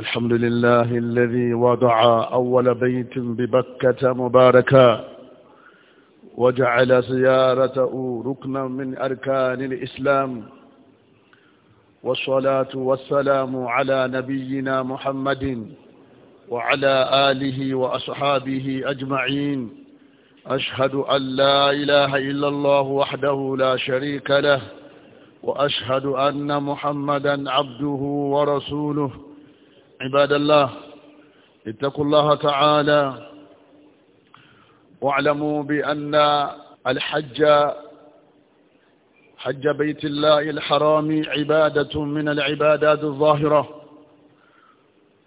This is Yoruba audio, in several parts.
الحمد لله الذي وضع أول بيت ببكة مباركا وجعل زيارته ركنا من أركان الإسلام والصلاة والسلام على نبينا محمد وعلى آله وأصحابه أجمعين أشهد أن لا إله إلا الله وحده لا شريك له وأشهد أن محمدا عبده ورسوله عباد الله اتقوا الله تعالى واعلموا بأن الحج حج بيت الله الحرام عبادة من العبادات الظاهرة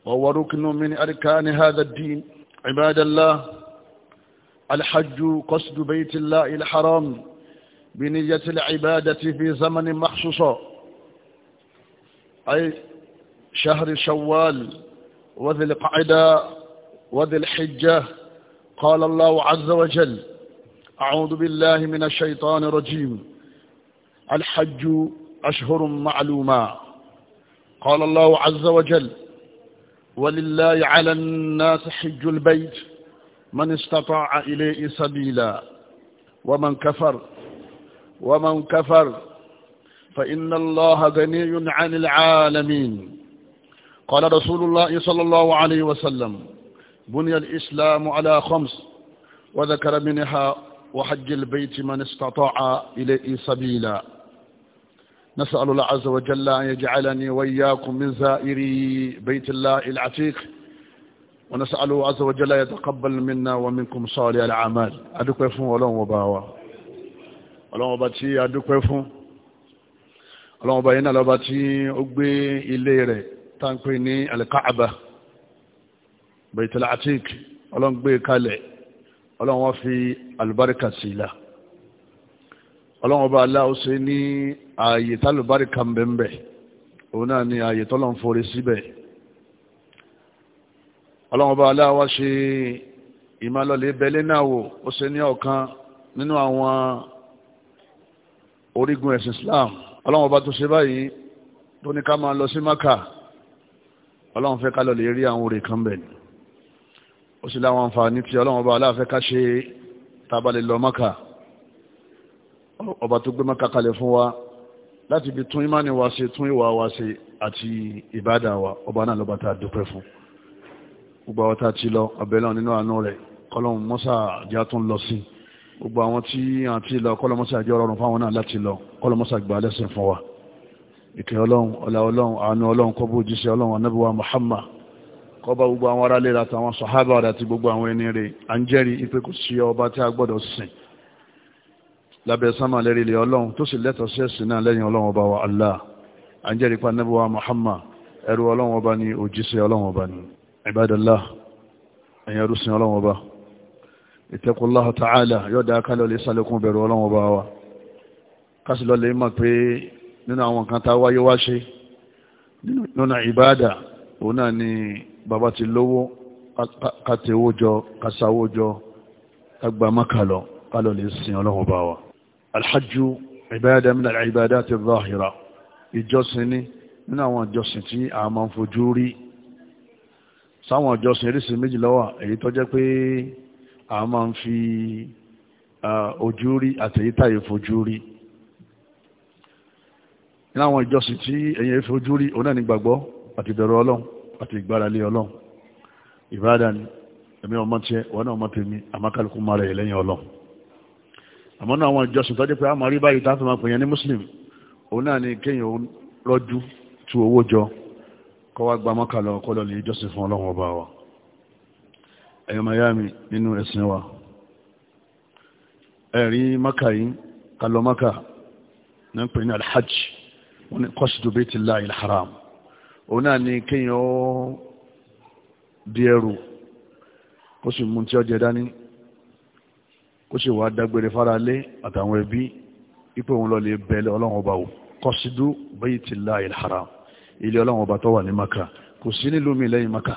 وهو ركن من أركان هذا الدين عباد الله الحج قصد بيت الله الحرام بنية العبادة في زمن مخصوص أي شهر شوال وذي القعدة وذي الحجة قال الله عز وجل أعوذ بالله من الشيطان الرجيم الحج أشهر معلومة قال الله عز وجل ولله على الناس حج البيت من استطاع إليه سبيلا ومن كفر ومن كفر فإن الله غني عن العالمين قال رسول الله صلى الله عليه وسلم بني الإسلام على خمس وذكر منها وحج البيت من استطاع إليه سبيلا نسأل الله عز وجل أن يجعلني وإياكم من زائري بيت الله العتيق ونسأله عز وجل يتقبل منا ومنكم صالح الأعمال أدوك يفهم ولهم وباوا ولهم وباتي أدوك يفهم ولهم وباينا لباتي أقبي إليه táǹpé ní alikaaba baitul atik ọlọ́run gbé e kalẹ̀ ọlọ́run wọ́n fi alubarika sí i la ọlọ́run ọba aláwọ̀ ṣe ní ààyè tálùbáríkà mbẹ́mbẹ́ òun náà ni ààyè tọ́lọ́run forí síbẹ̀ ọlọ́run ọba aláwọ̀ ṣe ìmọ̀lọ́lẹ̀ bẹ́lẹ́ náà wò ó ṣe ní ọ̀kan nínú àwọn orígun ẹ̀sìn Islam ọlọ́run ọba tó ṣe báyìí tó ní ká máa lọ sí Maka ọlọ́run fẹ́ ká lọ lè rí àwọn oore kan bẹ̀ ni ó sì láwọn àǹfààní tí ọlọ́run ọba aláàfẹ́ ká ṣe tábàlẹ̀ lọ mọ́kà ọba tó gbé mọ́kà kalẹ̀ fún wa láti fi tún ìmánì wa ṣe tún ìwà wa ṣe àti ìbádà wa ọba náà lọ́ba tá a dúpẹ́ fún gbogbo àwọn tá a ti lọ ọbẹ̀ náà nínú àánú rẹ̀ kọ́lọ́run mọ́sà àjá tó lọ sí gbogbo àwọn tí àti lọ kọ́lọ́mọ́sà àjọ rọrùn fáwọn náà láti lọ kọ́lọ́mọ́sà gbà lẹ́sìn fún wa ìkẹ́ ọlọ́run ọlá ọlọ́run àánú ọlọ́run kọ́bọ̀ òjíṣẹ́ ọlọ́run anábíwá Muhammad kọba gbogbo àwọn ará lè látàwọn sọ̀hábà rẹ̀ àti gbogbo àwọn ẹni rẹ̀ à ń jẹ́rìí ipe kò sí ọba tí a gbọ́dọ̀ sìn lábẹ́ sánmà lérí ilẹ̀ ọlọ́run tó sì lẹ́tọ̀ sí ẹ̀sìn náà lẹ́yìn ọlọ́run ọba wa Allah à ń jẹ́rìí pa anábíwá Muhammad ẹrú ọlọ́run ọba ni òjíṣẹ́ ọlọ́run ọba ni Ibadallah ẹ̀yin ẹrúsìn ọlọ́run ọba ìtẹ́kùnláhà ta'ala yóò dá kálọ̀ lè sálẹ̀kùn bẹ̀rù ọlọ́run nínú àwọn kan tá wáyé wá ṣe nínú ìbáàdà òun náà ni bàbá ti lówó kàtẹ́wó jọ kàsáwó jọ kàgbàmákà lọ kálọ̀ lè sin ọlọ́run bá wa. alhajju ìbáàdà min al-ibadati adh-dhahira ìjọsìn ni nínú àwọn ìjọsìn tí a máa ń fojú rí sáwọn ìjọsìn eréṣin méjì èyí tó jẹ́ pé a máa ń fi ojú rí àtẹ̀yítàyè fojú rí nínú àwọn ìjọsìn tí ẹ̀yin ẹ̀fẹ́ ojú rí òun náà gbàgbọ́ àti ìbẹ̀rù ọlọ́run àti ìgbáralé ọlọ́run ìbáradà ni ẹ̀mí ọmọ tiẹ̀ wọn náà ọmọ tèmi àmọ́kálukú máa rẹ̀ lẹ́yìn ọlọ́run àmọ́ náà àwọn ìjọsìn tó jẹ́ pé a máa rí báyìí tá máa pè ní muslim òun náà ni kéèyàn rọ́jú tu owó jọ kọ́ wá gba mọ́kà lọ kọ́ lọ lè jọ́sìn fún ọlọ́run ọba wa miami nínú ẹ̀sìn wa ẹ̀rí mọ́kà yìí kalọ́ mọ́kà wọ́n ní kọ́sìdù baitillahi al-haram òun náà ni kéèyàn ó di ẹrù kó sì mú tí ó jẹ dání kó sì wá dágbére fáralé àtàwọn ẹbí ipò òun lọ lè bẹ̀lẹ̀ ọlọ́run ọba wò kọ́sìdù baitillahi al-haram ilé ọlọ́run ọba tó wà ní maka kò sí nílùú mi lẹ́yìn maka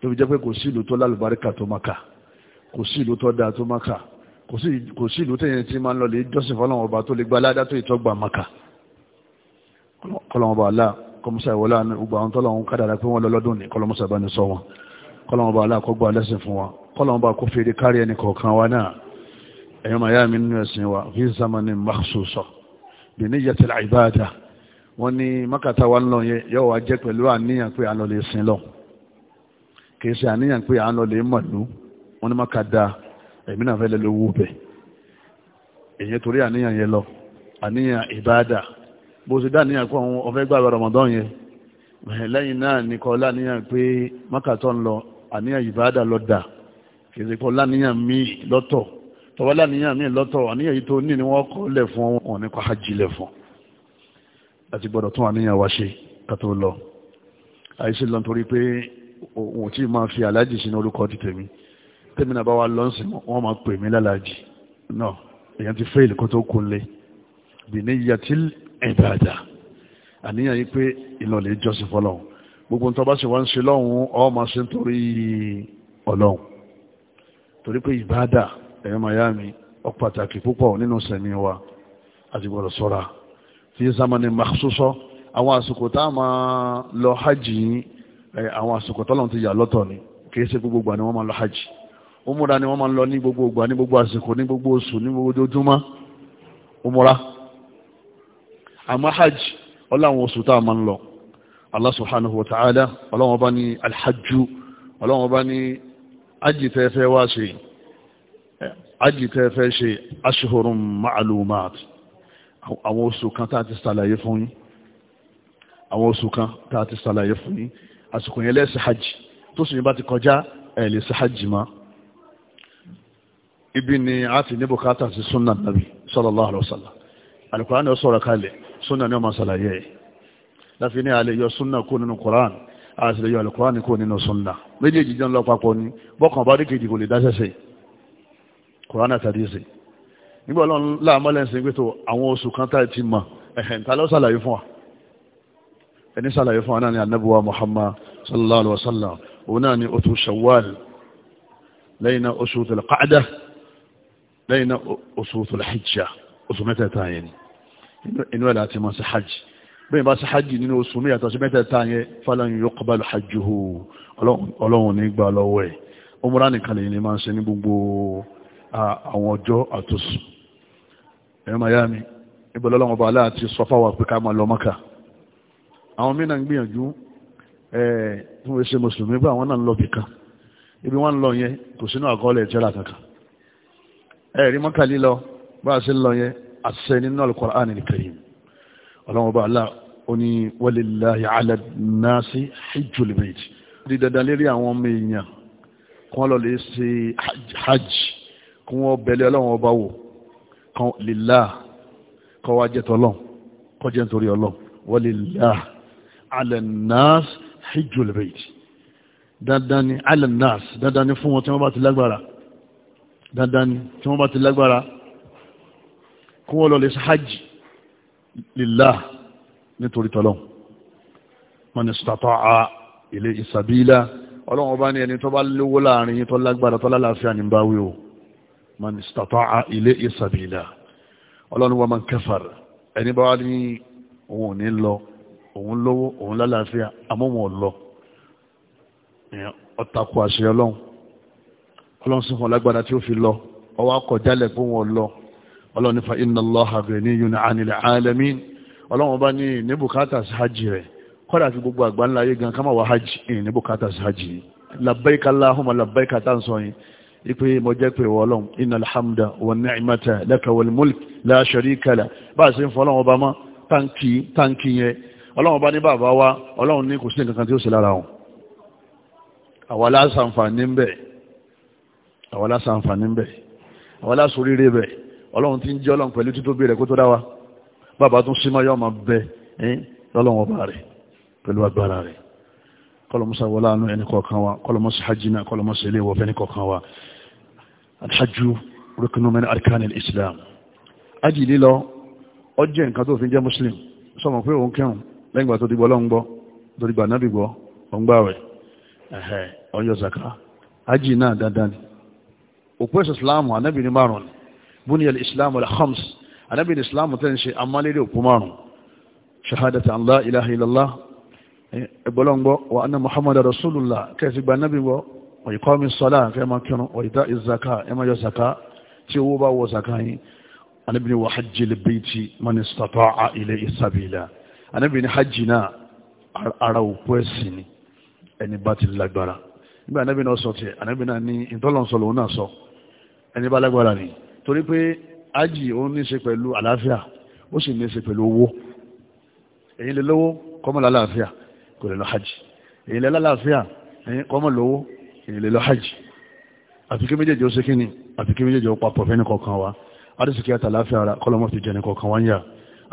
tó jẹ́ pé kò sí ìlú tó lálùbáríkà tó maka kò sí ìlú tó dáa tó maka kò sí ìlú tẹ̀yìn tí máa ń lọ lè jọ́sìn fọlọ́run ọba tó lè gba kọlọmọba alá kọmọsá ìwọlá ní gbogbo àwọn tọ́lọ́wọ́n kádàrà pé wọ́n lọ́lọ́dún ní kọlọmọsá bá ní sọ wọn kọlọmọba alá kó gbà lẹ́sìn fún wa kọlọmọba kó fèrè kárí ẹni kọ̀ọ̀kan wa náà ẹ̀yọ́ màá yá mi nínú ẹ̀sìn wa fi zamani makhsusa bi niyyati al-ibada wọ́n ní mákàtà jẹ́ pẹ̀lú àníyàn pé à lè sin lọ kì í àníyàn pé à lè mọ̀lú wọ́n ní mákàtà ẹ̀mí náà fẹ́ lẹ́ bẹ̀ èyí torí àníyàn yẹn lọ àníyàn ìbáàdà bó ṣe dá níyàn pọ̀ òun ọ̀fẹ́ gbàgbà Ramadan yẹn lẹ́yìn náà ní kọ́ láníyàn pé mákàtọ́ ń lọ àníyàn ìbáàdà lọ dà kìí kọ́ láníyàn míì lọ́tọ̀ tọ́wọ́ láníyàn míì lọ́tọ̀ àníyàn yìí tó ní ni wọ́n kọ́ lẹ̀ fún wọn nípa hajj lẹ̀ fún àti gbọ́dọ̀ tún àníyàn wá ṣe ká tó lọ àìsí lọ nítorí pé òun tí máa fi aláàjì sínú orúkọ ti tèmi tèmi náà bá wà lọ́nsìn wọ́n ìdáadáa àníyàn yìí pé ìlọ̀lẹ̀ jọ́sìn fọlọ́hún gbogbo nǹkan bá ṣe wá ń ṣe lọ́hún ọ́ máa ṣe nítorí ọlọ́hún torí pé ìbáàdà ẹ̀yọ́ miami ó pàtàkì púpọ̀ nínú sẹ̀mí wa àti gbọ́dọ̀ sọ́ra fi zamani makhsuso àwọn àsìkò tá a máa lọ hajj yìí àwọn àsìkò tọ́lọ́hún ti yà lọ́tọ̀ ni kì í ṣe gbogbo ìgbà ni wọ́n máa lọ hajj umura ni wọ́n máa lọ ní gbogbo ìgbà ní gbogbo àsìkò ní gbogbo oṣù ní gbogbo ojoojúmọ́ umura àmọ́ hajj ọláwọn oṣù tá a máa ń lọ Allah subhanahu wa ta'ala ọlọ́wọ́n bá ní alhajju ọlọ́wọ́n bá ní ajitẹ́fẹ́ wá ṣe ajitẹ́fẹ́ ṣe ashhurun ma'lumat àwọn oṣù kan tá a ti ṣàlàyé fún yín àwọn oṣù kan tá a ti ṣàlàyé fún yín àsìkò yẹn lẹ́sẹ̀ hajj tó sì yín bá ti kọjá ẹ̀ lè hajj máa ibi ni a ti ní sí sunan nabi sallallahu alaihi wasallam alukura ni ó sọ̀rọ̀ kalẹ̀ súnà ní ọmọ sàlàyé ẹ̀ láfi ní àlè yọ súnà kó nínú koran àti lè yọ alukoran kó nínú súnà méjèèjì jẹ́ ńlọ papọ̀ ni bọ́kàn bá rí kejì kò lè dáṣẹ́sẹ̀ koran àtàdé sí nígbà ọlọ́run láàmọ́lẹ̀ ń sin pé tó àwọn oṣù kan tá ti mọ̀ ẹ̀hẹ̀n ta ló sàlàyé fún wa ẹni sàlàyé fún wa náà ni anabuwa muhammad sallallahu alaihi wa òun náà ni oṣù shawwal lẹ́yìn náà oṣù tẹ̀lẹ̀ qa'da lẹ́yìn náà oṣù tẹ̀lẹ̀ hijja oṣù mẹ́tẹ̀ẹ̀ta yẹn ni inú ẹ̀ láti mọ̀ sí hajj bẹ́ẹ̀ bá sí hajj nínú oṣù mi yàtọ̀ sí mẹ́tẹ̀ẹ̀ta yẹn falan yuqbal hajjuhu ọlọ́run ní gbà lọ́wọ́ ẹ̀ ọmọdé nìkan lè ní máa ń ṣe ní gbogbo àwọn ọjọ́ àtòsù ẹ̀rọ miami ibẹ̀ lọ́lọ́run ọba aláàtí sọ fáwọn pé ká máa lọ mọ́kà àwọn mí náà ń gbìyànjú tí wọ́n ṣe mùsùlùmí bá àwọn náà ń lọ bìkan ibi wọ́n ń lọ yẹn kò sínú àkọọ́lẹ̀ ìjẹ́ra kankan ẹ̀rí mọ́kà lílọ bá a ṣe ń lọ yẹn àṣẹ nínú al-Qur'an al-Karim ọlọ́run ọba Allah ó ní walillahi ala nasi hijjul bayt di dandan lérí àwọn ọmọ èèyàn kí wọ́n lọ lè ṣe hajj kí wọ́n bẹ̀lẹ̀ ọlọ́run ọba wò kan lillah kọ́ wá jẹ́ tọ́lọ́ kọ́ jẹ́ nítorí ọlọ́ walillahi ala nasi dandan ni ala dandan ni fún wọn tí wọ́n bá ti lágbára dandan ni tí wọ́n bá ti lágbára kí wọ́n lọ lè sáájì lillah nítorí tọ́lọ́ man istata'a ilayhi sabila ọlọ́run ọba ní ẹni tó bá lówó láàrin yín tó lágbára tó lálàáfíà ní báwí o man istata'a ilayhi sabila ọlọ́run wa man kafar ẹni bá wá ní òun ò ní lọ òun lówó ọlọ́run nífa inna Allaha ghaniyyun 'anil 'alamin ọlọ́run bá ní ní bùkátà sí hajj rẹ̀ kọ́dà fi gbogbo àgbà ńlá ayé gan ká má wá hajj ní bùkátà sí hajj yìí labbaika Allahumma labbaika tá ipe mo pé ọlọ́run innal hamda wan ni'mata laka wal mulk la sharika bá a ṣe ń fọ ọlọ́run mọ́ táǹkì yẹn ọlọ́run bá ní bàbá wa ọlọ́run ní kò sí nǹkan tí ó ṣe lára wọn àwa la ọlọ́run ti ń jẹ́ ọlọ́run pẹ̀lú títóbi rẹ̀ kó tó dá wa bàbá tún símọ́ yọ́ máa bẹ lọ́lọ́run ọba rẹ̀ pẹ̀lú agbára rẹ̀ kọlọmọsá wọlá àánú ẹni kọ̀ọ̀kan wa kọlọmọsá hajjina kọlọmọsá ilé ìwọ̀fẹ́ ní kọ̀ọ̀kan wa alhajju rukunu min arkan al-islam ají lílọ ó jẹ́ nǹkan tó fi jẹ́ muslim sọmọ pé òun kẹrùn lẹ́yìn tó dìgbọ́ lọ́n gbọ́ náà dandan òpó ìsìsìláàmù anábìnrin márùn-ún بني الإسلام والخمس النبي الإسلام تنشي أمالي لي وكمار شهادة أن لا إله إلا الله بلونغو وأن محمد رسول الله كيف يبقى النبي وإقام الصلاة كما كانوا وإيتاء الزكاة إما يزكاة تيوبا وزكاة النبي وحج البيت من استطاع إليه سبيلا النبي حجنا أراو كويسيني ẹni bá ti lágbára nígbà anábì náà sọ tiẹ̀ anábì náà ní ìtọ́lọ́nsọ sọ ẹni bá lágbára nìyí torí pé ájì ó ní ṣe pẹ̀lú àlàáfíà ó sì ní ṣe pẹ̀lú owó èyí lè lówó kọ́mọ̀ lálàáfíà kò lè lọ hajj èyí lè lálàáfíà kọ́mọ̀ lówó èyí lè lọ hajj àti kí méjèèjì ó ṣe kí ni àti kí méjèèjì ó papọ̀ fẹ́ni kọ̀ọ̀kan wa adìsíkí àtàláfíà ara kọ́lọ́mọ́ fi jẹ́ni kọ̀ọ̀kan wá ń yà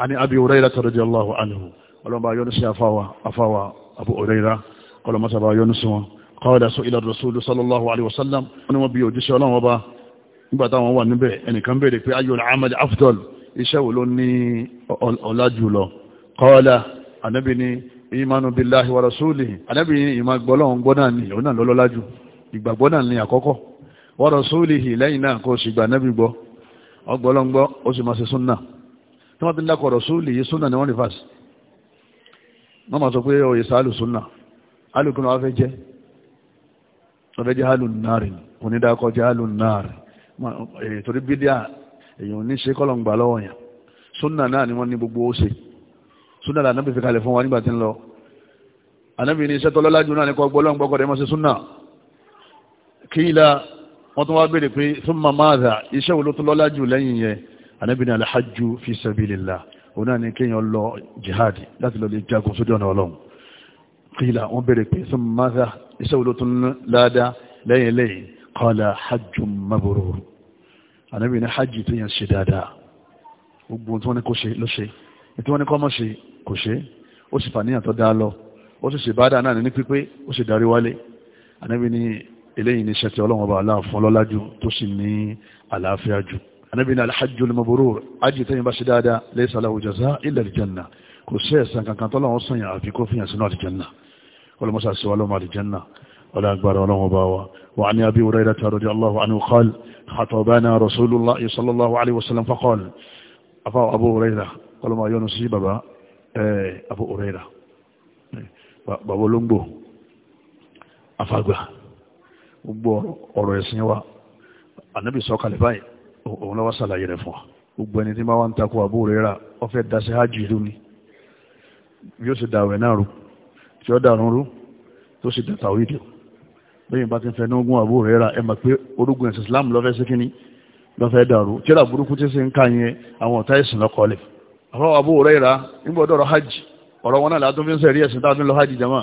á ní Abi Hurairah radiyallahu anhu ọlọ́mọ ayọ́nu sí afáwa afáwa Abu Hurairah kọ́lọ́mọ́ sábà ayọ́nu sí wọn qala nígbà táwọn wà níbẹ̀ ẹnìkan béèrè pé ayọ̀ ahmed afdol iṣẹ́ wo ló ní ọlá jùlọ kọ́ọ́lá ànábì ní ìmánu billahi wa rasulihi ànábì ní ìmàgbọ́ lọ́wọ́n gbọ́ náà ní òun náà lọ́lọ́lá jù ìgbàgbọ́ náà ní àkọ́kọ́ wa rasulihi lẹ́yìn náà kó o sì gbà ànábì gbọ́ ọgbọ́lọ́ngbọ́ ó sì máa ṣe súnà tí wọ́n ti ń dákọ̀ rasulihi yìí súnà ni wọ́n rí fàṣì wọ́n máa sọ pé òye sàálù súnà alùkùnrin wọn fẹ́ jẹ́ wọn fẹ́ jẹ́ alùnárì onídàkọ̀ jẹ́ alùnárì Eh, torí bídíà èyàn ní ṣe kọ́lọ̀ ń gbà lọ́wọ́ yẹn súnà náà ni wọ́n ní gbogbo ó ṣe súnà là náà fi kalẹ̀ fún wa nígbà tí ń lọ ànábì ní iṣẹ́ tọ́lọ́lá jù náà ní kọ́ gbọ́lọ́ gbọ́kọ̀ rẹ̀ mọ́ sí súnà kí ilá wọ́n tún wá béèrè pé thumma madha iṣẹ́ wo ló tún lọ́lá jù lẹ́yìn yẹn ànábì ní alhajju fi sabilillah òun náà ni kéèyàn lọ jihad láti lọ lè jagun sójú ọ̀nà ọlọ́run kí ilá wọ́n béèrè pé thumma madha iṣẹ́ wo ló tún ládá lẹ́yìn lẹ́yìn qala hajjun mabrur ànábì ní hajj tó yẹn ṣe dáadáa gbogbo tí wọ́n ní kó ṣe ló ṣe tí wọ́n ní kó má ṣe kò ṣe ó sì fàníyàn tó dá lọ ó sì ṣe bádà náà ní pípé ó sì darí wálé ànábì ní eléyìí ní iṣẹ́ tí ọlọ́run ọba aláàfọ́ lọ́lájú tó sì ní àlàáfíà jù ànábì ní alhajjul mabrur hajj tó yẹn bá ṣe dáadáa laysa lahu jaza illa aljanna kò sí kankan tọ́lọ́run sàn yàn àfi fi ولا أكبر ولا مباوى وعن أبي هريرة رضي الله عنه قال خطبنا رسول الله صلى الله عليه وسلم فقال أفا أبو هريرة قال ما يونسي بابا أبو هريرة بابا لنبو أفا أقبع gbogbo ọ̀rọ̀ ẹ̀sìn wa ànábì sọ kalẹ̀ báyìí òun lọ́wọ́ sàlàyé rẹ̀ fún wa gbogbo ẹni tí máa wá ń takò Abu Huraira ó fẹ́ dasẹ́ hajj ìlú ni bí ó sì dàwẹ̀ náà rú tí ó dàrún rú tó sì dàtàwí dìrò bẹ́yìn bá ti fẹ́ ní ogun àbúrò rẹ̀ ra ẹ mọ̀ pé orúgun ẹ̀sìn Islam lọ́fẹ́ sí kínní lọ́fẹ́ dàrú tíra burúkú tí sì ń kàn yẹn àwọn ọ̀tá ìsìn lọ́kọ́lẹ̀ àwọn àbúrò rẹ̀ ra nígbọ́dọ̀ ọ̀rọ̀ hajj ọ̀rọ̀ wọn náà látún fi ń sẹ̀rí ẹ̀sìn táàfin lọ hajj jama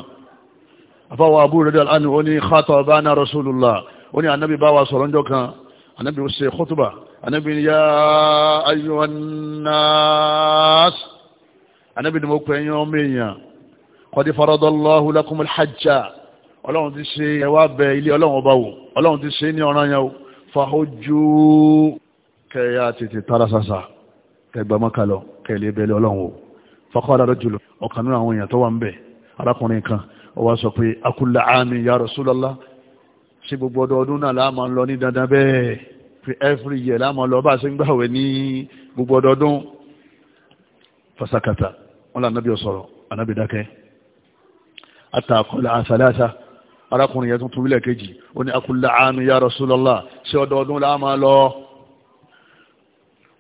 àfọwọ́ àbúrò rẹ̀ dàlá ni ó ní khatabana Rasulullah ó ní anábì bá wa sọ̀rọ̀ ńjọ́ kan anábì ó ṣe khutuba anábì ni yá ayyuhan nas anábì ni mo pè yín ọmọ èèyàn qad lakumul hajja ọlọ́run ti ṣe ẹwà bẹ ilé ọlọ́run ọba wò ọlọ́run ti ṣe ní ọ̀ràn yẹn o fahojú kẹyà tètè tara ṣàṣà kẹgbàmọ́kà lọ kẹlẹ́ bẹ́lẹ́ ọlọ́run o fakọ́dà lọ jùlọ ọ̀kan nínú àwọn èèyàn tó wà ń bẹ̀ arákùnrin kan ó wá sọ pé akulla ami ya Rasulullah ṣe gbogbo ọdọọdún náà láàmà ń lọ ní dandan bẹ́ẹ̀ pé every year láàmà lọ bá a ṣe ń gbàwẹ̀ ní gbogbo ọdọọdún fasakata wọn lànà bí ọ sọ̀rọ̀ ànábì dákẹ́ àtàkọ́lá àṣà arákùnrin yẹn tún tún wílẹ̀ kejì ó ní akúlẹ̀ àánú ya Rasulullah ṣé ọdọọdún la máa lọ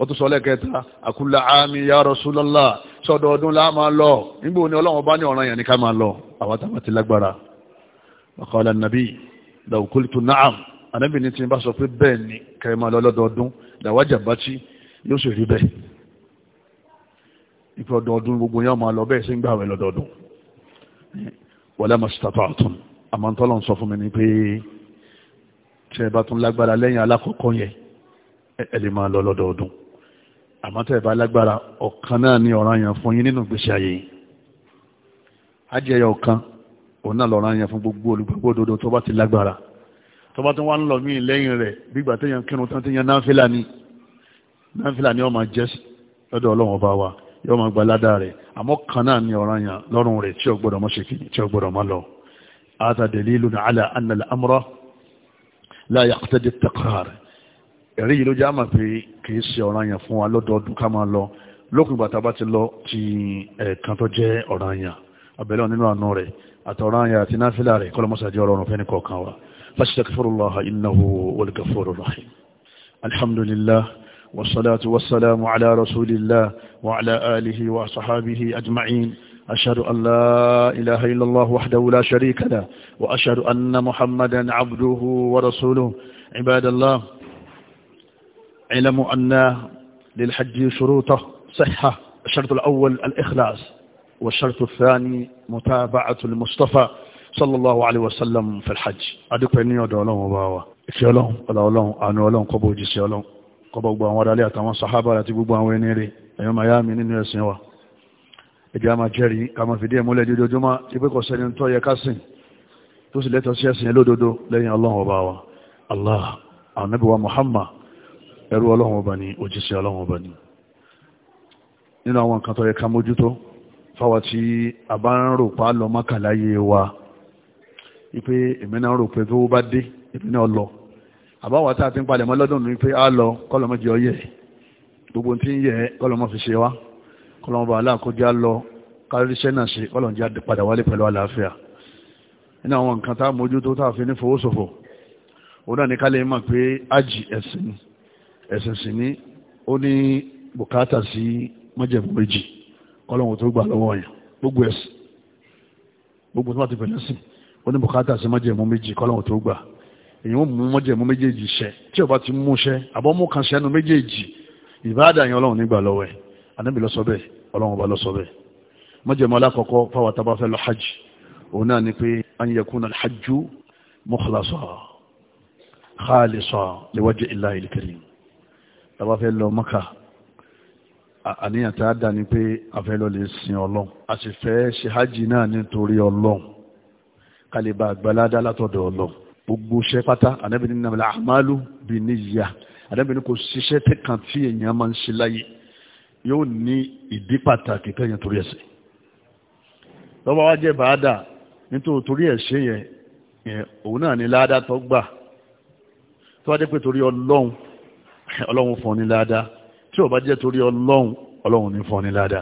ó tún sọ lẹ́kẹta akúlẹ̀ àánú ya Rasulullah ṣé ọdọọdún la máa lọ nígbò ní ọlọ́run bá ní ọ̀ràn yẹn ní ká máa lọ àwọn táwọn ti lágbára ọkọ̀ọ̀lá nàbí law qultu na'am anábì ní ti bá sọ pé bẹ́ẹ̀ ni kẹ́ máa lọ lọ́dọọdún làwájà bá tí yóò sì rí bẹ́ẹ̀ ìpẹ́ gbogbo àmọ́ tọ́lọ̀ ń sọ fún mi ni pé tẹ́ ẹ bá tún lágbára lẹ́yìn alákọ̀ọ́kọ́ yẹn ẹ lè máa lọ lọ́dọọdún àmọ́ tẹ́ ẹ bá lágbára ọ̀kan náà ni ọ̀ràn yẹn fún yín nínú ìgbésí ayé yìí ajẹyọ ọ̀kan òun náà lọ́ràn yẹn fún gbogbo olùgbàgbọ́ òdodo tó bá ti lágbára tó bá tún wá ń lọ míì lẹ́yìn rẹ̀ gbígbà téèyàn kírun tán téèyàn ni náfìlà ni ó máa jẹ́ lọ́dọ̀ ọlọ́run ọba yẹn lọ́rùn rẹ̀ tí هذا دليل على أن الأمر لا يقتضي التقرار ẹ̀rí yìí ló já mà pé kì í ṣe ọ̀ranyàn fún wa lọ́dọọdún ká máa lọ lókùn ìgbà tá a bá ti lọ ti ẹ̀ẹ̀kan tó jẹ́ ọ̀ranyàn abẹ́lẹ́ nínú àánú rẹ̀ àtọ̀ranyàn àti náfìlà rẹ̀ kọ́lọ́mọ́sá jẹ́ ọ̀rọ̀ fẹ́ni kọ̀ọ̀kan wa fastaghfirullaha innahu huwal ghafurur rahim alhamdulillah wassalatu wassalamu ala rasulillah wa ala alihi wa sahabihi ajma'in أشهد أن لا إله إلا الله وحده لا شريك له وأشهد أن محمدا عبده ورسوله عباد الله علموا أن للحج شروطه صحة الشرط الأول الإخلاص والشرط الثاني متابعة المصطفى صلى الله عليه وسلم في الحج أدوك أني أدعو لهم وباوة إكي لهم ولا لهم أنو لهم قبو جيسي لهم قبو بوان ودالي أتوان صحابة لا تقبو بوان وينيري أيوم أيامي نينو يسنوا ẹjẹ́ a máa jẹ́rìí ká máa fìdí ẹ̀ múlẹ̀ dídójúmọ́ ipé kò sẹ́ni tó yẹ ká sìn tó sì lẹ́tọ̀ọ́ sí ẹ̀sìn lódodo lẹ́yìn ọlọ́run ọba wa allah anabi wa muhammad ẹrú ọlọ́run ọba ni òjíṣẹ́ ọlọ́run ọba ni nínú àwọn nǹkan tó yẹ ká mójútó fáwa tí a bá ń rò pa lọ mọ́kànláyé wa ipe èmi náà rò pé tó bá dé èmi náà lọ àbáwá tá a ti ń palẹ̀mọ́ lọ́dún ní pé a lọ kọ́lọ́mọ́ kọlọ́mọba aláàkójá lọ káríṣẹ́ náà ṣe kọlọ́n já padà wálé pẹ̀lú àlàáfíà nínú àwọn nǹkan tá mójútó tá fi ní fowósòfò ó náà ní ká lè mọ̀ pé ájì ẹ̀sìn ẹ̀sìn sì ní ó ní bùkátà sí májẹ̀mú méjì kọlọ́wọ́n tó gbà lọ́wọ́ yẹn gbogbo ẹ̀sìn gbogbo tó bá ti bẹ̀rẹ̀ sí ó ní bùkátà sí májẹ̀mú méjì kọlọ́wọ́n tó gbà èyí ó mú májẹ̀mú méjèèjì ṣẹ tí ó ti mú ṣẹ àbọ̀mú kan ṣẹ́nu méjèèjì ìbáàdà yẹn ọlọ́run nígbà lọ́wọ́ ẹ̀ anábì lọ sọ bẹ́ẹ̀ ọlọ́run ọba lọ sọ bẹ́ẹ̀ mọ́jẹ̀mọ́ alákọ̀ọ́kọ́ fáwọn tábà fẹ́ lọ hajj òun náà ni pé an yakuna alhajju mukhlasa khalisa liwajhi illahi alkarim tábà fẹ́ lọ maka àníyàn tá a dá ni pé a fẹ́ lọ lè sin ọlọ́run a sì fẹ́ ṣe hajj náà nítorí ọlọ́run kálíbà àgbàládá látọ̀dọ̀ ọlọ́run gbogbo iṣẹ́ pátá anábì ní nàmìlà ṣe láyé yóò ní ìdí pàtàkì kẹ́yìn torí ẹ̀sẹ̀ lọ́wọ́ wá jẹ́ bàádà nítorí torí ẹ̀ṣẹ̀ yẹn òun náà ní ládá tó gbà tó wá jẹ́ pé torí ọlọ́run ọlọ́run fún ní ládá tí ò bá jẹ́ torí ọlọ́run ọlọ́run ní fún ní ládá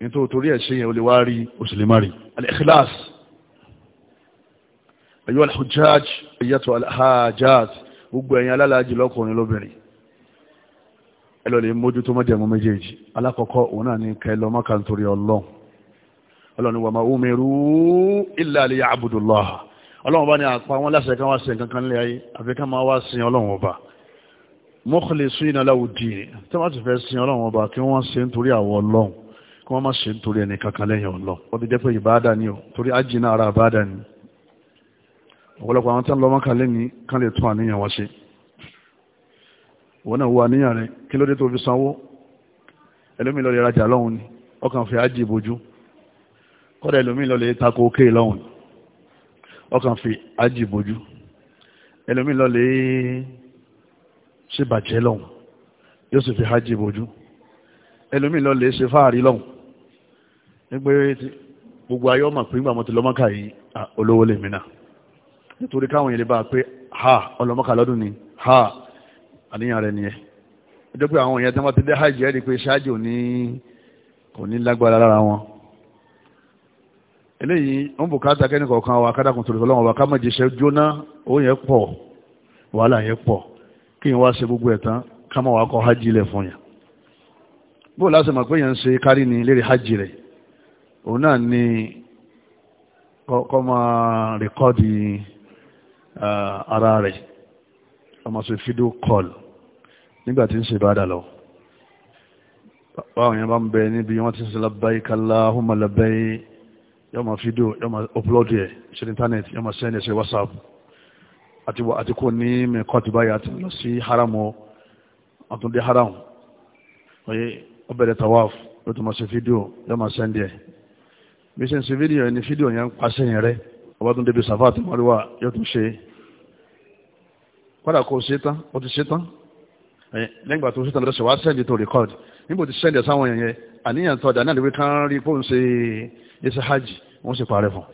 nítorí torí ẹ̀ṣẹ̀ yẹn ó lè wá rí oṣù lè má rí al-ikhlas ayyuha al-hujjaj gbogbo ẹ̀yin alálàájì lọ́kùnrin lóbìnrin ẹlọ lè mójú tó mọ́jẹ̀mú méjèèjì alákọ̀ọ́kọ́ òun náà ni kẹlọ mọ́ka nítorí ọlọ́run ọlọ́run ni wa ma umiru illa liya'budullah ọlọ́run bá ní àpá wọn láṣẹ kan wá sí nǹkan kan lé ayé àfi ká máa wá sin ọlọ́run ọba mukhlisina lahu ddin tí wọ́n ti fẹ́ sin ọlọ́run ọba kí wọ́n ṣe nítorí àwọ̀ ọlọ́run kí wọ́n má ṣe nítorí ẹnì kankan lẹ́yìn ọlọ́run ó ti jẹ́ pé ìbáadà ni o torí ájìnà ara ìbáadà ni ọ̀pọ̀lọpọ̀ àwọn tí wọ́n lọ mọ́ka lẹ́ni kan lè tún àníyàn wọn ṣe wọn náà wà ní rẹ̀ kí ló dé tó fi sanwó ẹlòmíì lọ lè rajà lọ́hùn ni ọkàn fi ájì ìbojú kọ́dà lọ lè tako òkè lọ́hùn ni ọkàn fi ájì ìbojú lọ lè ṣe bàjẹ́ lọ́hùn yóò sì fi ájì ìbojú lọ lè ṣe fáàrí ha ọlọ́mọ́kà lọ́dún ha àníyàn rẹ̀ nìyẹn ọjọ́ pé àwọn èèyàn tí wọ́n ti dé hajj ẹ́ rí pé ṣáájú ní kò ní lágbára lára wọn eléyìí ń bùkátà kẹ́ni kọ̀ọ̀kan wa kádàkùn tòlùfẹ́ lọ́wọ́ wa ká má jẹ́ iṣẹ́ jóná owó yẹn pọ̀ wàhálà yẹn pọ̀ kí n wá ṣe gbogbo ẹ̀ tán ká má wàá kọ́ hajj ilẹ̀ fún yẹn bóò láti mọ̀ pé yẹn ń ṣe kárí ni lérí hajj rẹ̀ òun náà ni kọ́ máa rẹ̀kọ́ọ̀dì ah, ara rẹ̀ ọmọ sí fídíò kọlù nígbà tí ń ṣe bá dà lọ báwọn yẹn bá ń bẹ níbi wọ́n ti ń ṣe labbaik Allahumma labbaik yọ ma fídíò yọ ma upload ẹ̀ ṣe internet yọ ma send ẹ̀ ṣe whatsapp àti àti kò ní mẹ́kọ́ ti báyà àti lọ sí haramu àtúndé haramu oye ó bẹ̀rẹ̀ tawaf ló ti ma ṣe fídíò yọ ma send ẹ̀ bí ṣe ń ṣe fídíò ẹni fídíò yẹn ń pàṣẹ yẹn rẹ ọba tó débi sàfà àti mọ́ríwá yóò tún ṣe kọ́dà kò ṣe tán ó ti ṣe tán lẹ́gbàá tó ṣe tán lọ́sẹ̀ wá sẹ́ndì tó rìkọ́dì níbo ti sẹ́ndì sáwọn èèyàn yẹn àníyàn tó ọ̀dà náà lè wí kán rí fóun ṣe iṣẹ́ hajj wọ́n sì parẹ́ fún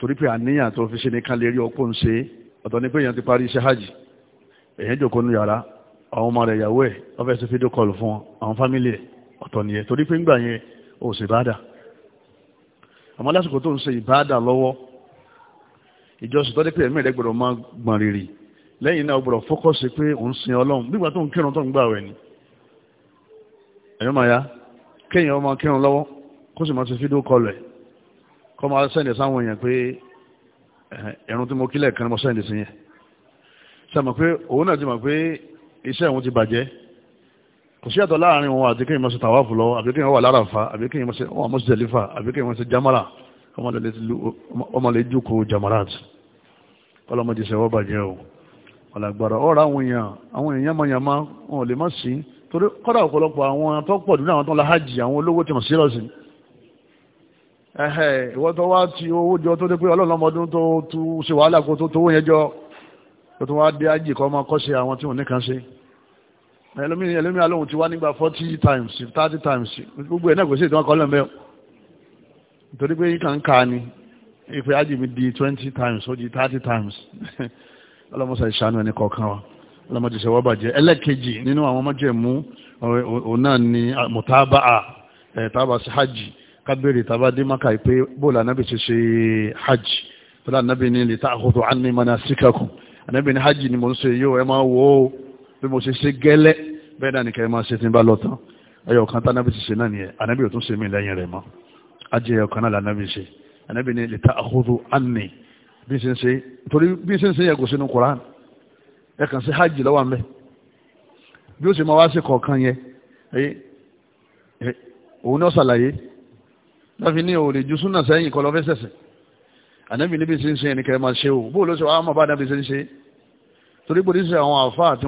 torí pé àníyàn tó fi ṣe nìkan lè rí ọpọ́n ṣe ọ̀tọ̀ ní pé èèyàn ti parí iṣẹ́ hajj èèyàn jòkó nu yàrá àwọn ọmọ rẹ̀ ìyàwó ẹ̀ ọfẹ́ sí fídíò kọlù fún àwọn fámìlì ẹ̀ ọ̀tọ̀ nìyẹn torí pé ńgbà yẹn ò sì bá dà àmọ́ lásìkò tó ń ṣe ìbáàdà lọ́wọ́ ìjọsìn tọ́jú pé ẹ̀mí rẹ gbọ́dọ̀ máa gbọ̀n rírì lẹ́yìn náà gbọ́dọ̀ fọ́kọ́sì pé òun sin ọlọ́run nígbà tó ń kírun tó ń gbà wẹ̀ ni ẹ̀yọ́ máa ya kéèyàn ọmọ kírun lọ́wọ́ kó sì máa ti fídíò kọlù ẹ̀ kó máa sẹ́ndì sáwọn èèyàn pé ẹ̀rùn tí mo kílẹ̀ kan ni mo sẹ́ndì sí yẹn sàmọ̀ pé òun náà ti mọ̀ pé iṣẹ́ òun ti bàjẹ́ kò sí àtọ̀ láàrin òun àti kéèyàn máa ọmọlẹ̀ jókòó jamarat ọlọ́mọdé sẹ́wọ́ bàjẹ́ o ọ̀làgbàrà ọ̀rọ̀ àwọn èèyàn àwọn èèyàn mọ̀yàmá wọn ò lè má sí torí kọ́dà ọ̀pọ̀lọpọ̀ àwọn tó pọ̀ nínú àwọn tó ń la hajj àwọn olówó ti mọ̀ sí lọ́sìn ẹ̀hẹ́ ìwọ́n tó wá ti owó jọ tó dé pé ọlọ́lọ́mọdún tó tú ṣe wàhálà kó tó tówó yẹn jọ tó tó wá dé hajj kọ́ ọmọ kọ́ṣe àwọn tí wọ́n ní kan ṣe ẹlòmíràn lóhun ti wá nígbà forty times thirty times gbogbo ẹ̀ náà kò sí ìtàn kọ́ lẹ́mẹ́ọ́ torí pé kàn ká ni ìpè ájì mi di twenty times ó di thirty times ọlọ́mọṣà ìṣàánú ẹni kọ̀ọ̀kan wa ọlọ́mọdé ṣe wọ́n bàjẹ́ ẹlẹ́ẹ̀kejì nínú àwọn ọmọjẹ̀mú òun náà ni mùtábàá tábà sí hajj kábèrè tábà dé maka ìpè bóòlù anábì ṣe ṣe hajj bóòlù anábì ní lè ta'khudhu anni manasikakum anábì ní hajj ni mo ń ṣe yóò ẹ máa wò ó bí mo ṣe ṣe gẹ́lẹ́ bẹ́ẹ̀ náà ni kẹ́ ẹ máa ṣe ti ń bá lọ tán ẹyọ kan tánábì ti ṣe náà nìyẹn anábì ò tún ṣe mí lẹ́yìn rẹ̀ mọ́ ajẹ́ ọ̀kan náà lànàbí ṣe ànábì ní lìtà àkóso àmì bí ṣe ń ṣe torí bí ṣe ń ṣe yàgò sínú koran ẹ kàn sí hajj lọ́wọ́ àmì bí ó ṣe máa wá sí kọ̀ọ̀kan yẹn òun náà ṣàlàyé láfi ní òòlè ju súnà sẹ́yìn kọ́ lọ́fẹ́ sẹ̀sẹ̀ ànábì níbi ṣe ń ṣe ẹnì kẹrìmà ṣe o bóòlù ṣe wàá mọ̀ bá ànábì ṣe ń ṣe torí pé oríṣi àwọn àwọn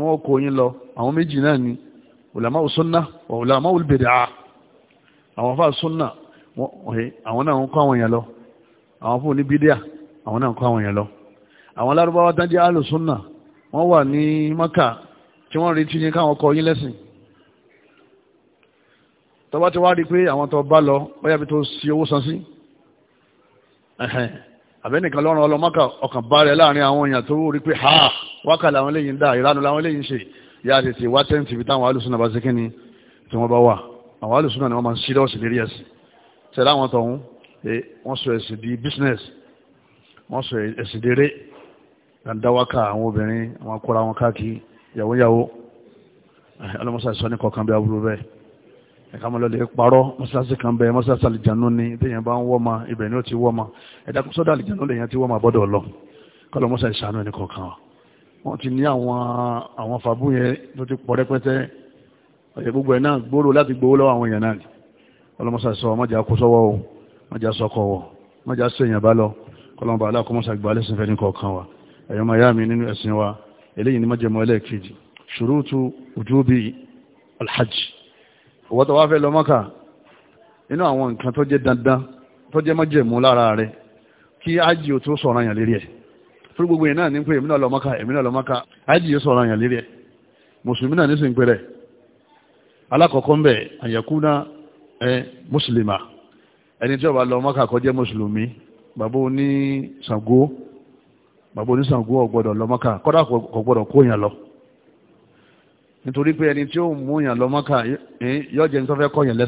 àwọn àfáà àwọn náà ń kọ́ àwọn èèyàn lọ àwọn fún ní bídíà àwọn náà ń kọ́ àwọn èèyàn lọ àwọn lárúbáwá tán jẹ́ alùsùnà wọ́n wà ní maka tí wọ́n rí tíyín káwọn kọ yín lẹ́sìn tọba ti wá rí pé àwọn tó bá lọ bóyá bí tó sí owó san sí àbẹ́nìkan lọ́rùn ọlọ́mọ́kà ọkàn bá rẹ̀ láàrin àwọn èèyàn tó rí pé ha wákà làwọn eléyìí ń dá ìranu làwọn eléyìí ń ṣe yá tètè wá tẹ́ǹtì bí táwọn alùsùnà bá ṣe kí ni tí wọ́n bá wà àwọn alùsùnà ni wọ́n máa ń ṣídọ́ọ̀sì lérí ẹ̀sìn tẹ̀lé àwọn tọ̀hún wọ́n sọ ẹ̀sìn di business wọ́n sọ ẹ̀sìn di eré dáńdáwákà àwọn obìnrin àwọn akọ́ra wọn káàkiri yàwó yàwó ọlọ́mọsá sọ ní kọ̀ọ̀kan bí aburú bẹ́ẹ̀ ẹ̀ka mọ́ lọ́lẹ̀ parọ́ mọ́sálásí kan bẹ́ẹ̀ mọ́sálásí àlìjánu ni téèyàn bá ń wọ́ ma ibẹ̀ ni ó ti wọ́ ma ẹ̀dá sọ́dọ̀ àlìjánu lèèyàn ti wọ́ ma bọ́dọ̀ lọ kọ́lọ́mọsá ìṣàánú ẹni kọ̀ọ̀kan wa wọ́n ti ní àwọn àwọn fàbú yẹn tó ti pọ̀ rẹpẹtẹ ọlọ́mọsá sọ mọ́jà kó sọ́wọ́ o mọ́jà sọ́kọ̀ wọ̀ mọ́jà sọ èèyàn bá lọ kọlọ́mọba aláàkọ́mọ́sá gbà lẹ́sìn ní kọ̀ọ̀kan wa ẹ̀yọ́ máa yá mi nínú ẹ̀sìn wa eléyìí ni mọ́jẹ̀mọ́ ẹlẹ́ẹ̀kejì ṣùrùtù ojúbi alhajj owó tó wá fẹ́ lọ mọ́kà inú àwọn nǹkan tó jẹ́ dandan tó jẹ́ mọ́jẹ̀mú lára rẹ̀ kí ájì ò tó sọ̀rọ̀ àyàn lérí ẹ̀ fún gbogbo yẹn náà ní pé èmi náà lọ mọ́kà èmi ẹ mùsùlùmá ẹni tí ó lọ mọ́kà kó jẹ́ mùsùlùmí bàbá oní Ṣàngó bàbá oní Ṣàngó ò lọ mọ́kà kọ́dà kò gbọ́dọ̀ kó yàn lọ nítorí pé ẹni tí ó mú yàn lọ mọ́kà yóò nítorí yàn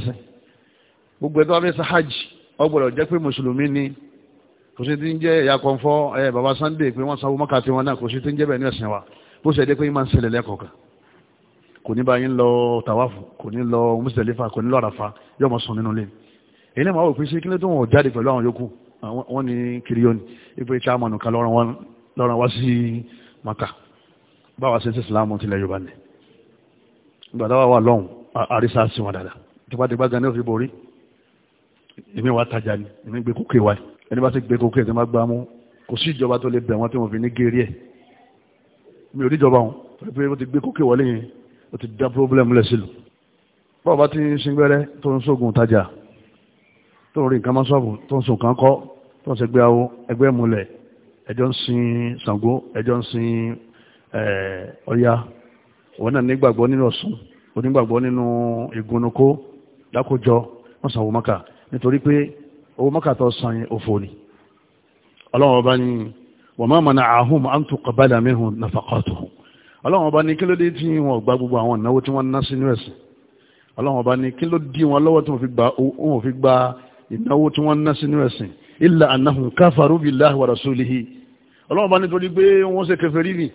lẹsẹ mùsùlùmí ni kò sí ti ń kan ẹ bàbá Sunday pé sanwó tiwọn náà kò sí kò ní bá yín lọ tàwáfù kò ní lọ mùsùlùmí kò ní lọ àràfà yóò mọ sùn nínú ilé èyí náà máa wò pé ṣé kí ló tó jáde pẹ̀lú àwọn yòókù wọn ní kiriyoni ipe chairman kan lọ́ràn wá sí maka báwa ṣe ń ṣe sìláàmù tilẹ̀ yorùbá ni ìgbà táwa wà lọ́hùn àríṣà sí wọn dáadáa tipátipá gan ni ó borí èmi wà tajà ni èmi gbé kókè wa ẹni bá ti gbé kókè ẹni bá gbá mú kò sí ìjọba tó lè bẹ̀ wọ́n tí wọ́n fi ní gérí ẹ̀ mi ò níjọba wọn pé ó ti gbé kókè wọlé yẹn ó ti dá problem lẹ́sìlù báwo bá ti ń singbẹ́rẹ́ tó ń sógun tajà tó ń rí nǹkan mọ́sọ́ọ̀bù tó ń sùn kan kọ́ tó ń sẹgbẹ́ awo ẹgbẹ́ múlẹ̀ ẹjọ́ ń sin Ṣàngó ẹjọ́ ń sin Ọya òun náà nígbàgbọ́ nínú Ọ̀ṣun onígbàgbọ́ nínú ìgunnukó lákòjọ wọ́n sanwó mọ́kà nítorí pé owó mọ́kà tó san òfò ni ọlọ́run ọba ni wọ́n máa mọ̀ náà àhùn àǹtùkọ̀ bá dàmíhùn nàfàkọ́tùhùn ọlọ́run ọba ní kí ló dé tí wọn gba gbogbo àwọn ìnáwó tí wọ́n ná sínú ẹ̀sìn ọlọ́run ọba ní kí ló dí wọn lọ́wọ́ tí wọ́n fi gba ìnáwó tí wọ́n ná sínú ẹ̀sìn illa annahum kafaru billahi wa rasulihi ọlọ́run ọba nítorí pé wọ́n ṣe kèfèrí ni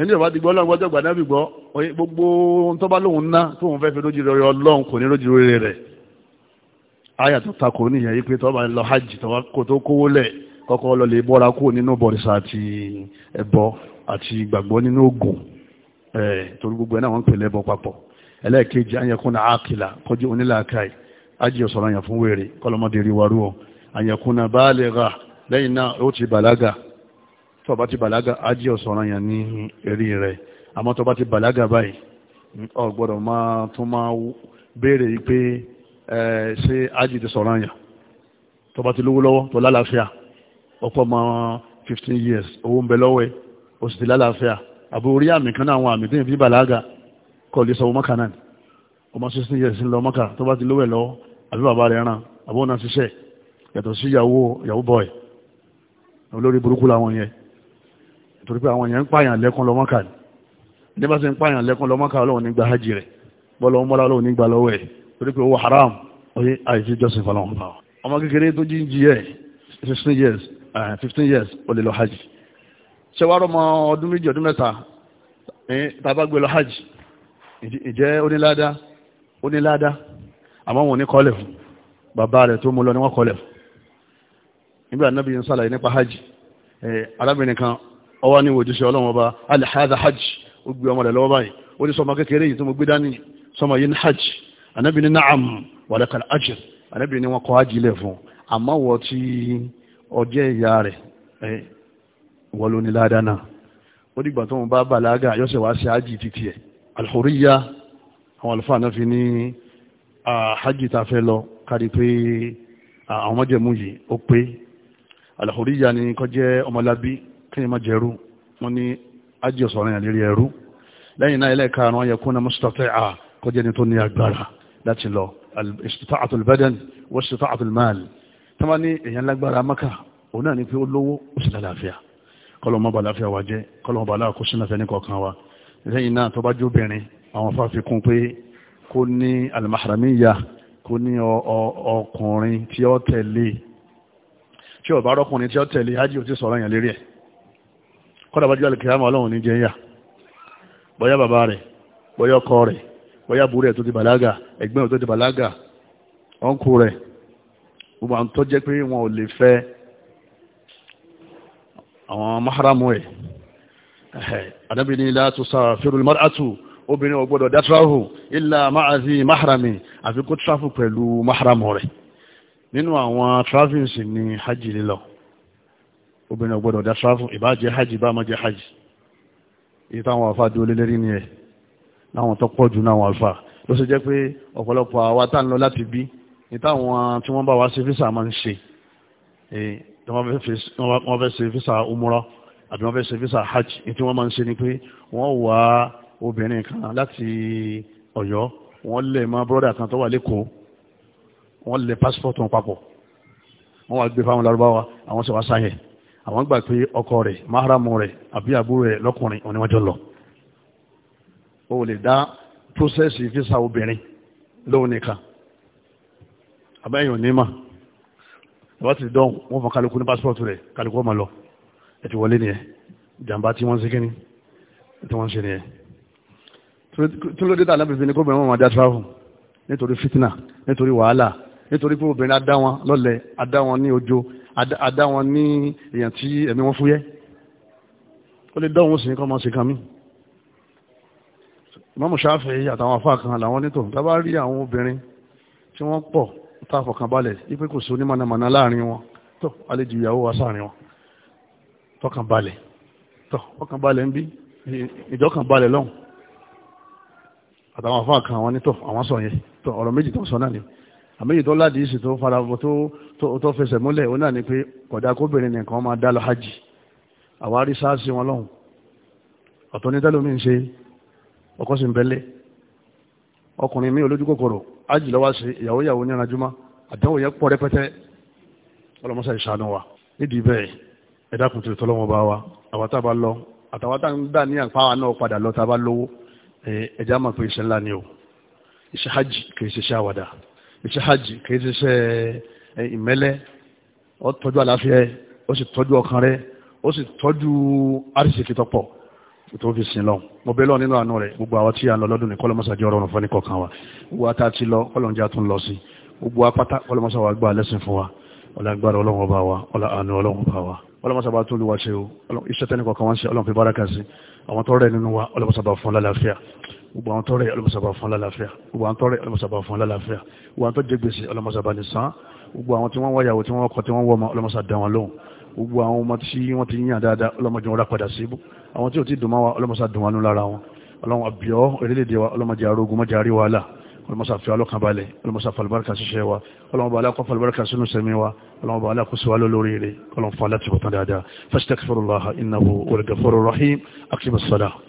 ẹni ọba ti gbọ́ ọlọ́run gbọ́dọ̀ gbà nábì gbọ́ gbogbo ohun tó ná tó òun fẹ́ fi lójú rere ọlọ́run kò ní lójú rere rẹ̀ ayà takò níyàn yí pé tó lọ hajj tó kó tó kówó lẹ̀ kọ́kọ́ lọ lè bọ́ra kúrò nínú bọ̀rìṣà àti ẹbọ àti ìgbàgbọ́ nínú ògùn ẹ̀ torí gbogbo ẹ̀ náà wọ́n ń pèlè ẹbọ papọ̀ ẹlẹ́ẹ̀kejì ayẹkùn náà àkìlà kọjú onílàákàì ájì ọ̀sọ̀rọ̀ àyàn fún wèrè kọlọmọdé rí warú ọ àyẹkùn náà bá lè ra lẹ́yìn náà ó ti bàlágà tó bá ti bàlágà ájì ọ̀sọ̀rọ̀ àyàn ní eré rẹ̀ àmọ́ tó bá ti bàlágà báyìí o gbọ́dọ̀ máa tún máa béèrè pé ṣé ájì ti sọ̀rọ̀ àyàn tó bá ti lówó lọ́wọ́ tó lálàáfíà ọ̀pọ̀ mọ́ fifteen years owó ń bẹ lọ́wọ́ ẹ̀ o sì ti lálàáfíà àbò orí àmì kan náà àwọn àmì tẹ́yìn fi bàlágà kọ́ lè sanwó mọ́kà náà ọmọ sixteen years ń lọ mọ́kà tó bá ti lówẹ̀ lọ àbí bàbá rẹ̀ ràn àbó náà ṣiṣẹ́ yàtọ̀ sí ìyàwó ìyàwó bọ̀ ẹ̀ olórí burúkú làwọn yẹn torí pé àwọn yẹn ń pààyàn lẹ́kùn lọ mọ́kà ní bá ti ń pààyàn lẹ́kùn lọ mọ́kà ọlọ́run nígbà hajj rẹ̀ bọ́lọ́ mọ́lá ọlọ́run nígbà lọ́wọ́ ẹ̀ torí pé owó haram oyè àìsí jọ́sìn fọlọ́wọ́n ọmọ kékeré tó jí ń jí ẹ̀ sixteen years 15 eh, years o le lọ hajj ṣé wàá rọmọ ọdún méjì ọdún mẹ́ta tàbá gbé lọ hajj ìjẹ́ onílàádá onílàádá àmọ́ wọn ní kọlẹ̀ fún bàbá rẹ̀ tó mú lọ ní wọ́n kọlẹ̀ fún nígbà náà bí n sálàyé nípa hajj arábìnrin kan ọwá ní bá hajj ó gbé ọmọ rẹ̀ lọ́wọ́ báyìí ó ní sọmọ kékeré yìí tó mú gbé hajj anábìnrin naam hajj anábìnrin hajj ilẹ̀ fún àmọ́ wọ́n ọjẹ́ ìyá rẹ̀ ìwọ ló ní ládàá náà ó dìgbà tó ń bá bàlágà yọ́sẹ̀ wá sí ájì títí ẹ̀ alhuriya àwọn àlùfáà náà fi ní àhájì tá a fẹ́ lọ kárí pé àwọn ọmọdéẹ̀mú yìí ó pé alhuriya ni kọ́ jẹ́ ọmọlábí kí ni má jẹrú wọn ní ájì ọ̀sọ̀rọ̀ yẹn lérí ẹrú lẹ́yìn náà ẹlẹ́ka àwọn yẹn kún ní mustati'a kọjá ẹni tó ní agbára láti lọ tí wọ́n ní èèyàn lágbára maka òun náà ní pé ó lówó ó sì lálàáfíà kọ́lọ́ mọ́ba láfíà wa jẹ́ kọ́lọ́ mọ́ba aláàkó sínú afẹ́ nìkọ̀ọ̀kan wa lẹ́yìn náà tó bá jó obìnrin àwọn afá fi kún pé kó ní alimaharamiya kó ní ọkùnrin tí ó tẹ̀lé tí ó bá rọ́kùnrin tí ó tẹ̀lé ájì ò ti sọ̀rọ̀ yẹn lérí ẹ̀ kọ́dà bá alìkìyàmọ́ ọlọ́run ní jẹ́yà bọ́yá bàbá rẹ̀ bọ́yá ọkọ rẹ̀ bọ́yá búrẹ́ tó ti bàlágà ẹ̀gbẹ́ tó ti bàlágà ọ̀nkù rẹ̀ gbogbo àwọn tó jẹ́ pé wọn ò lè fẹ́ àwọn maharamu ẹ̀ ànábì ní la tusafiru al-mar'atu obìnrin ò gbọ́dọ̀ dátrahu illa ma'azi mahrami àfi kó tráfù pẹ̀lú maharamu rẹ̀ nínú àwọn travels ní hajj lílọ obìnrin ò gbọ́dọ̀ dátrahu ìbá jẹ́ hajj bá má jẹ́ hajj èyí táwọn àfáà dúró lélẹ́rí ni ẹ̀ láwọn tó pọ̀ jù náà wọn àfáà ló sì jẹ́ pé ọ̀pọ̀lọpọ̀ àwa tá ń lọ láti bí ìtàwọn tí wọ́n bá wá sí físà máa ń ṣe tí wọ́n fẹ́ ṣe físà umura àti wọ́n fẹ́ ṣe físà hajj tí wọ́n máa ń ṣe ni pé wọ́n wá obìnrin kan láti ọ̀yọ́ wọ́n lè máa brọ́dà kan tó wà lẹ́kọ̀ọ́ wọ́n lè pásítọ̀tù wọn papọ̀ wọ́n wá gbé fáwọn Lárúbáwá àwọn sì wá sáyẹ̀ àwọn gbà pé ọkọ rẹ̀ máhàrámù rẹ̀ àbí àbúrò rẹ̀ lọ́kùnrin òní lọ o lè dá prósẹ́sì físà obìnrin lóun nìkan abẹ́yìn òní mà bàbá ti dán wọn fún kálukú ní pásítọ̀tù rẹ̀ kálukú ọmọ lọ ẹ ti wọlé nìyẹn jàǹbá tí wọ́n ń ṣe kíní tí wọ́n ń ṣe nìyẹn tó ló dé tà lábẹ́bí ni gómìnà wọn máa dá travel nítorí fitna nítorí wàhálà nítorí pé obìnrin adá wọn lọ́lẹ̀ adá wọn ní ọjọ́ adá wọn ní èèyàn tí ẹ̀mí wọn fúyẹ́ ó lè dánwò sí kọ́ máa ṣe kan mí Imam Shafi'i àtàwọn afáàkan làwọn nítò tábà rí àwọn obìnrin tí wọ́n pọ̀ tá a fọkàn balẹ̀ wípé kò sí onímọ̀nàmọ̀nà láàrin wọn tó àlejò ìyàwó wa sáàrin wọn tọkàn balẹ̀ tó ọkàn balẹ̀ ń bí ìjọkàn balẹ̀ lọ́hùn àtàwọn afọ́ àkàn àwọn nítọ̀ àwọn sọ yẹn tó ọ̀rọ̀ méjì tó ń sọ náà ni àmì ìtọ́ láti ìsìn tó fara bọ̀ tó fẹsẹ̀ múlẹ̀ ó náà ni pé kódà kóbìnrin nìkan máa dá lọ hajj àwa rí sáàsì wọn lọ́hùn ọ̀tọ̀ ní tẹ́lómi ń ṣe ọkọ̀ sì ń bẹ́lẹ̀ ọkùnrin mi olójú kòkòrò ájì lọ́wọ́ sí ìyàwó ìyàwó ní ọ̀nàjúmọ́ àdánwò yẹn pọ̀ rẹpẹtẹ ọlọ́mọṣà ìṣàánú wa nídìí bẹ́ẹ̀ ẹ̀dá kùtù tọ́lọ́mọ bá wa àwọn tá a bá lọ àtàwọn tá a ń dà ní àpáwà náà padà lọ tá a bá lówó ẹ̀já máa pé iṣẹ́ ńlá ni o iṣẹ́ hajj kìí ṣe iṣẹ́ àwàdà iṣẹ́ hajj kìí ṣe iṣẹ́ ìmẹ́lẹ́ ó tọ́jú àlàáfíà ó sì tọ́jú ọkàn rẹ̀ ó sì tọ́jú àrísìkì tọ́pọ̀ tó fi sin lọ mo bẹ́ lọ nínú àánú rẹ̀ gbogbo àwọn tí a ń lọ lọ́dún ní kọ́lọ́mọ́sá jẹ́ ọ̀rọ̀ fún ní kọ̀ọ̀kan wa gbogbo ata ti lọ kọ́lọ́njá tún lọ sí gbogbo apáta kọ́lọ́mọ́sá wa gbà lẹ́sìn fún wa ọ̀là agbára ọlọ́run ọba wa ọ̀là àánú ọlọ́run ọba wa ọlọ́mọ́sá bá tún lù wá ṣe o iṣẹ́ tẹ́ni kọ̀ọ̀kan wá ń ṣe ọlọ́run fi bára kàṣí àwọn tó rẹ̀ nínú wa ọlọ́mọ́sá bá fún lálàáfíà gbogbo àwọn tó rẹ̀ ọlọ́mọ́sá bá fún lálàáfíà gbogbo àwọn tó rẹ̀ ọlọ́mọ́sá bá fún lálàáfíà gbogbo àwọn tó jẹ gbèsè ọlọ́mọ́sá bá ní gbogbo àwọn tí wọ́n wáyàwó tí wọ́n kọ tí wọ́n wọ́ ọmọ ọlọ́mọ́sá dá wọn lóhùn gbogbo àwọn ọmọ tí wọ́n ti yàn dáadáa ọlọ́mọdé wọn rà padà síbú àwọn tí ò ti dùn máa wa ọlọ́mọsá dùn wánú lára wọn ọlọ́run àbíọ́ orílẹ̀-èdè wa ọlọ́mọdé arógun mọ́jà rí wàhálà ọlọ́mọsá fi ọlọ́kan balẹ̀ ọlọ́mọsá falbarka ṣiṣẹ́ wa ọlọ́mọ bàálà kọ́ sínú sẹ́mi wa ọlọ́mọ bàálà kó síwá lórí rẹ̀ ọlọ́mọ